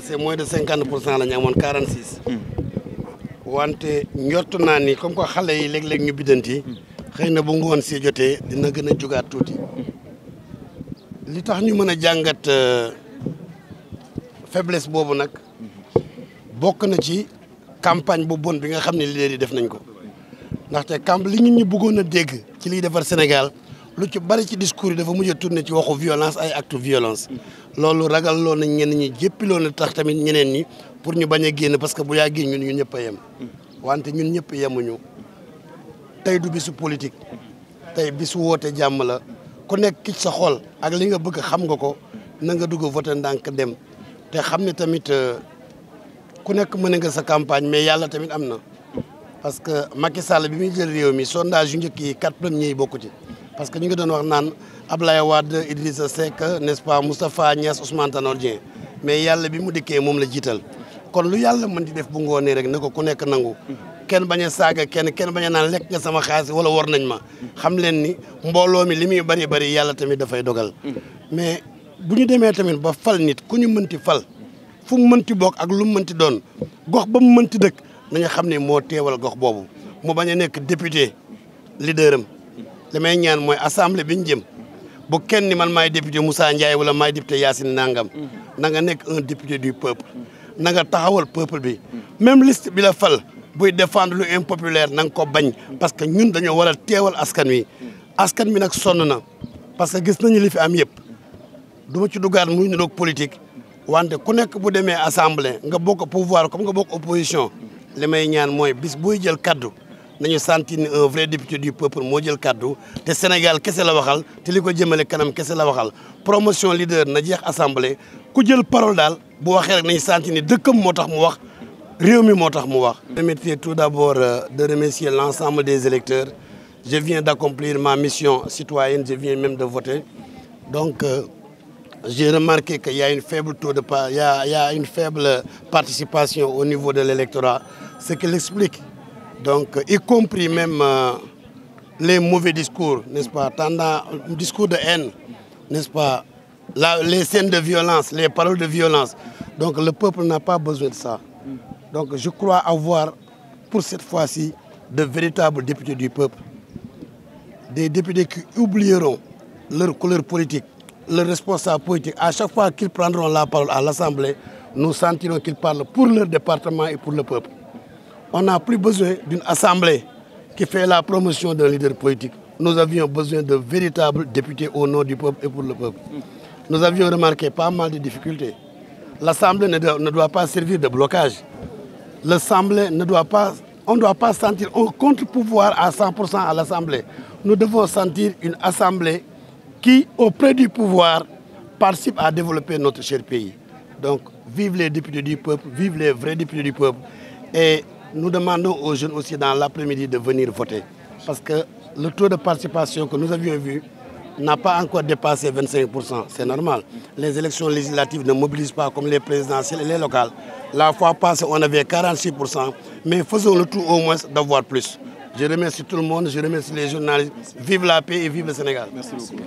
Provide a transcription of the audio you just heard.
c'est moins de cinquante pour cent la ñu amoon quarante wante njort naa ni comme ko xale yi léeg-léeg ñu biddanti xëy na bu ngoon si jotee dina gën a jugaat tuuti li tax ñu mën a jàngat euh, faiblesse boobu nag bokk na ci campagne bu bon bi nga xam ne leader yi def nañ ko ndaxte camp li ñun ñu buggoon a dégg ci liy defar Sénégal lu ci bari ci discours yi dafa mujj a tourné ci waxu violence ay acte violence loolu ragal loo nañ ñenn ñi jéppiloo na tax tamit ñeneen ñi pour ñu bañ a génn parce que bu yaa génn ñun ñu ñëpp yem wante ñun ñëpp yemuñu tey du bisu politique tey bisu woote jàmm la ku nekk ci sa xool ak li nga bëgg xam nga ko na nga dugg voté ndànk dem te xam ne tamit euh, ku nekk mën nga sa campagne mais yàlla tamit am na parce que Macky Sall bi muy jël réew mi sondage yu njëkk yi quatre premiers yi bokku ci parce que ñu ngi doon wax naan Ablaye Wade Idrissa Seck n'est-ce pas Moustapha Niass Ousmane Tanor Dieng mais bi mu la kon lu yàlla mën di def bu ngoonee rek na ko ku nekk nangu ken bañ a saaga kenn nga sama xaalis wala war nañ ma xam leen ni mbooloo mi limi bari bari yàlla tamit dafay dogal mais bu ñu demee tamit ba fal nit ku ñu fal fu mu bok, bokk ak lu mu mënti doon gox ba mu mënti dëkk nañu xam ne moo teewal gox boobu mu député leader li may ñaan mooy assemblée bi ñu jëm bu kenn ni man maay député Moussa Ndiaye wala maay député Yacine Nangam na nga nekk un député du peuple nanga nga taxawal peuple bi même liste bi la fal buy défendre lu impopulaire na nga ko bañ parce que ñun dañoo war a teewal askan wi askan wi nag sonn na parce que gis nañu li fi am yëpp du ma ci dugaat muy niroog politique wante ku nekk bu demee assemblée nga bokk pouvoir comme nga bokk opposition li may ñaan mooy bis buy jël kaddu nañu sentir ni un vrai député du peuple le Kadou. c'est te Sénégal quest la waxal te li ko le kanam kese la waxal promotion leader na jeex assemblée ku la parole dal bu waxee rek nañu sentir ni dëkkam mu mi mu wax. tout d'abord euh, de remercier l'ensemble des électeurs je viens d'accomplir ma mission citoyenne je viens même de voter donc. Euh, j'ai remarqué qu'il y a une faible taux de il y a une faible participation au niveau de l'électorat, ce qui l'explique. Donc, y compris même euh, les mauvais discours, n'est-ce pas, tendant, euh, discours de haine, n'est-ce pas, les scènes de violence, les paroles de violence. Donc le peuple n'a pas besoin de ça. Donc je crois avoir, pour cette fois-ci, de véritables députés du peuple. Des députés qui oublieront leur couleur politique, leur responsable politique À chaque fois qu'ils prendront la parole à l'Assemblée, nous sentirons qu'ils parlent pour leur département et pour le peuple on n'a plus besoin d'une assemblée qui fait la promotion d'un leader politique. Nous avions besoin de véritables députés au nom du peuple et pour le peuple. Nous avions remarqué pas mal de difficultés. L'Assemblée ne, doit pas servir de blocage. L'Assemblée ne doit pas... On ne doit pas sentir un contre-pouvoir à 100% à l'Assemblée. Nous devons sentir une Assemblée qui, auprès du pouvoir, participe à développer notre cher pays. Donc, vive les députés du peuple, vive les vrais députés du peuple. Et nous demandons aux jeunes aussi dans l'après-midi de venir voter. Parce que le taux de participation que nous avions vu n'a pas encore dépassé 25%. C'est normal. Les élections législatives ne mobilisent pas comme les présidentielles et les locales. La fois passée, on avait 46%, mais faisons le tout au moins d'avoir plus. Je remercie tout le monde, je remercie les journalistes. Vive la paix et vive le Sénégal. Merci beaucoup.